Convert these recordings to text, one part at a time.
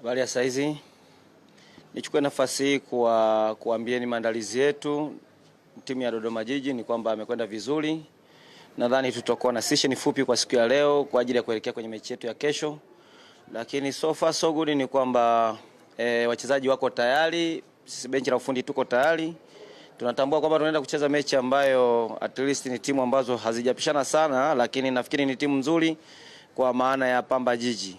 Habari ya saizi, nichukue nafasi hii kuwa, kuambieni maandalizi yetu timu ya Dodoma Jiji ni kwamba amekwenda vizuri. Nadhani tutakuwa na session fupi kwa siku ya leo kwa ajili ya kuelekea kwenye mechi yetu ya kesho, lakini so far so good ni kwamba e, wachezaji wako tayari, sisi benchi la ufundi tuko tayari. Tunatambua kwamba tunaenda kucheza mechi ambayo at least ni timu ambazo hazijapishana sana, lakini nafikiri ni timu nzuri kwa maana ya Pamba Jiji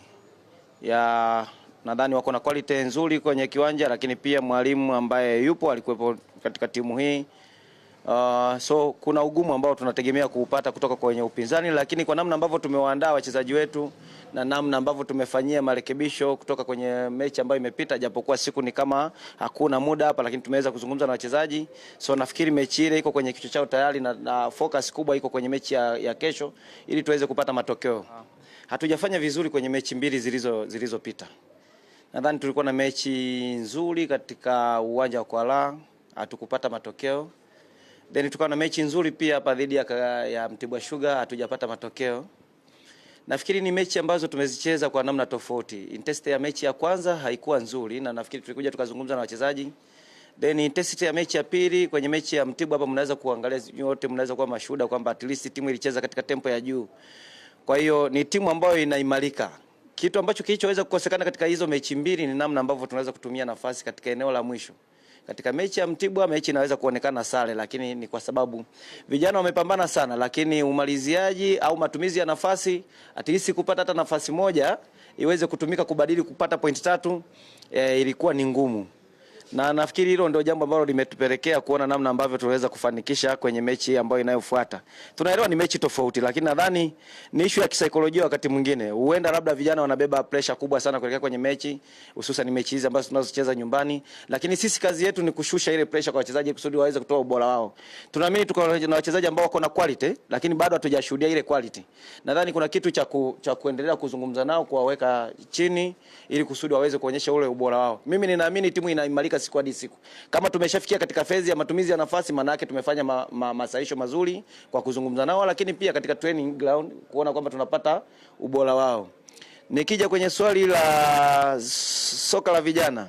ya nadhani wako na quality nzuri kwenye kiwanja, lakini pia mwalimu ambaye yupo alikuwepo katika timu hii uh, so kuna ugumu ambao tunategemea kuupata kutoka kwenye upinzani, lakini kwa namna ambavyo tumewaandaa wachezaji wetu na namna ambavyo tumefanyia marekebisho kutoka kwenye mechi ambayo imepita, japokuwa siku ni kama hakuna muda hapa, lakini tumeweza kuzungumza na wachezaji, so nafikiri mechi ile iko kwenye kichwa chao tayari na, na focus kubwa iko kwenye mechi ya, ya kesho ili tuweze kupata matokeo. Ah. Hatujafanya vizuri kwenye mechi mbili zilizopita zilizo Nadhani tulikuwa na mechi nzuri katika uwanja wa Kwala, hatukupata matokeo. Then tukawa na mechi nzuri pia hapa dhidi ya, ya Mtibwa Sugar, hatujapata matokeo. Nafikiri ni mechi ambazo tumezicheza kwa namna tofauti. Intensity ya mechi ya kwanza haikuwa nzuri, na nafikiri tulikuja tukazungumza na wachezaji. Then intensity ya mechi ya pili, kwenye mechi ya Mtibwa hapa mnaweza kuangalia wote, mnaweza kuwa mashuhuda kwamba at least timu ilicheza katika tempo ya juu. Kwa hiyo ni timu ambayo inaimarika. Kitu ambacho kilichoweza kukosekana katika hizo mechi mbili ni namna ambavyo tunaweza kutumia nafasi katika eneo la mwisho. Katika mechi ya Mtibwa mechi inaweza kuonekana sare, lakini ni kwa sababu vijana wamepambana sana, lakini umaliziaji au matumizi ya nafasi at kupata hata nafasi moja iweze kutumika kubadili kupata point tatu, e, ilikuwa ni ngumu na nafikiri hilo ndio jambo ambalo limetupelekea kuona namna ambavyo tunaweza kufanikisha kwenye mechi ambayo inayofuata. Tunaelewa ni mechi tofauti, lakini nadhani ni issue ya kisaikolojia. Wakati mwingine huenda labda vijana wanabeba pressure kubwa sana kuelekea kwenye mechi, hususan ni mechi hizi ambazo tunazocheza nyumbani, lakini sisi kazi yetu ni kushusha ile pressure kwa wachezaji kusudi waweze kutoa ubora wao. Tunaamini tuko na wachezaji ambao wako na quality, lakini bado hatujashuhudia ile quality. Nadhani kuna kitu cha ku, cha kuendelea kuzungumza nao, kuwaweka chini ili kusudi waweze kuonyesha ule ubora wao. Mimi ninaamini timu inaimarika siku hadi siku. Kama tumeshafikia katika fezi ya matumizi ya nafasi, maana yake tumefanya ma, ma, masaisho mazuri kwa kuzungumza nao, lakini pia katika training ground kuona kwamba tunapata ubora wao. Nikija kwenye swali la soka la vijana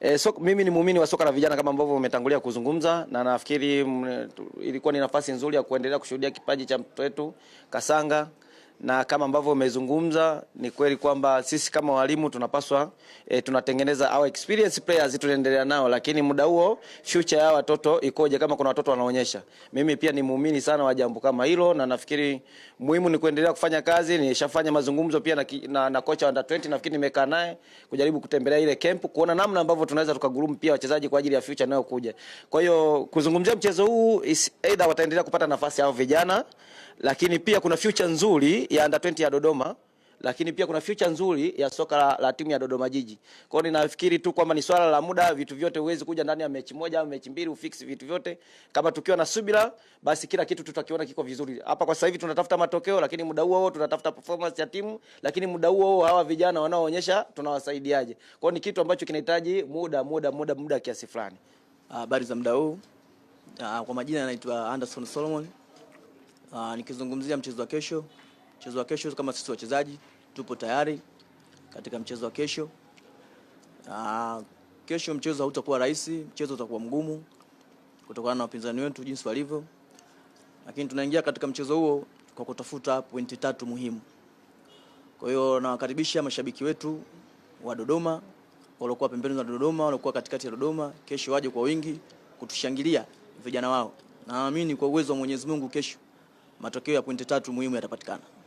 E, so, mimi ni muumini wa soka la vijana kama ambavyo umetangulia kuzungumza, na nafikiri mm, ilikuwa ni nafasi nzuri ya kuendelea kushuhudia kipaji cha mtoto wetu Kasanga na kama ambavyo umezungumza ni kweli kwamba sisi kama walimu tunapaswa e, tunatengeneza our experience players tunaendelea nao, lakini muda huo future ya watoto ikoje? Kama kuna watoto wanaonyesha, mimi pia ni muumini sana wa jambo kama hilo, na nafikiri muhimu ni kuendelea kufanya kazi. Nishafanya mazungumzo pia na, na, na kocha wa under 20 nafikiri nimekaa naye kujaribu kutembelea ile camp kuona namna ambavyo tunaweza tukagurumu pia wachezaji kwa ajili ya future nayo kuja. Kwa hiyo kuzungumzia mchezo huu is either wataendelea kupata nafasi hao vijana lakini pia kuna future nzuri ya under 20 ya Dodoma lakini pia kuna future nzuri ya soka la, la timu ya Dodoma Jiji. Kwa hiyo ninafikiri tu kwamba ni swala la muda, vitu vyote huwezi kuja ndani ya mechi moja au mechi mbili ufix vitu vyote. Kama tukiwa na subira, basi kila kitu tutakiona kiko vizuri. Hapa kwa sasa hivi tunatafuta matokeo, lakini muda huo huo tunatafuta performance ya timu, lakini muda huo huo hawa vijana wanaoonyesha tunawasaidiaje. Kwa hiyo ni kitu ambacho kinahitaji muda muda muda muda kiasi fulani. Habari za muda huu. Ah, kwa majina anaitwa Anderson Solomon Aa, ah, nikizungumzia mchezo wa kesho, mchezo wa kesho kama sisi wachezaji tupo tayari katika mchezo wa kesho. Aa, ah, kesho mchezo hautakuwa rahisi, mchezo utakuwa mgumu kutokana na wapinzani wetu jinsi walivyo, lakini tunaingia katika mchezo huo kwa kutafuta pointi tatu muhimu. Kwa hiyo nawakaribisha mashabiki wetu wa Dodoma waliokuwa pembeni za Dodoma, waliokuwa katikati ya Dodoma, kesho waje kwa wingi kutushangilia vijana wao. Naamini kwa uwezo wa Mwenyezi Mungu kesho matokeo ya pointi tatu muhimu yatapatikana.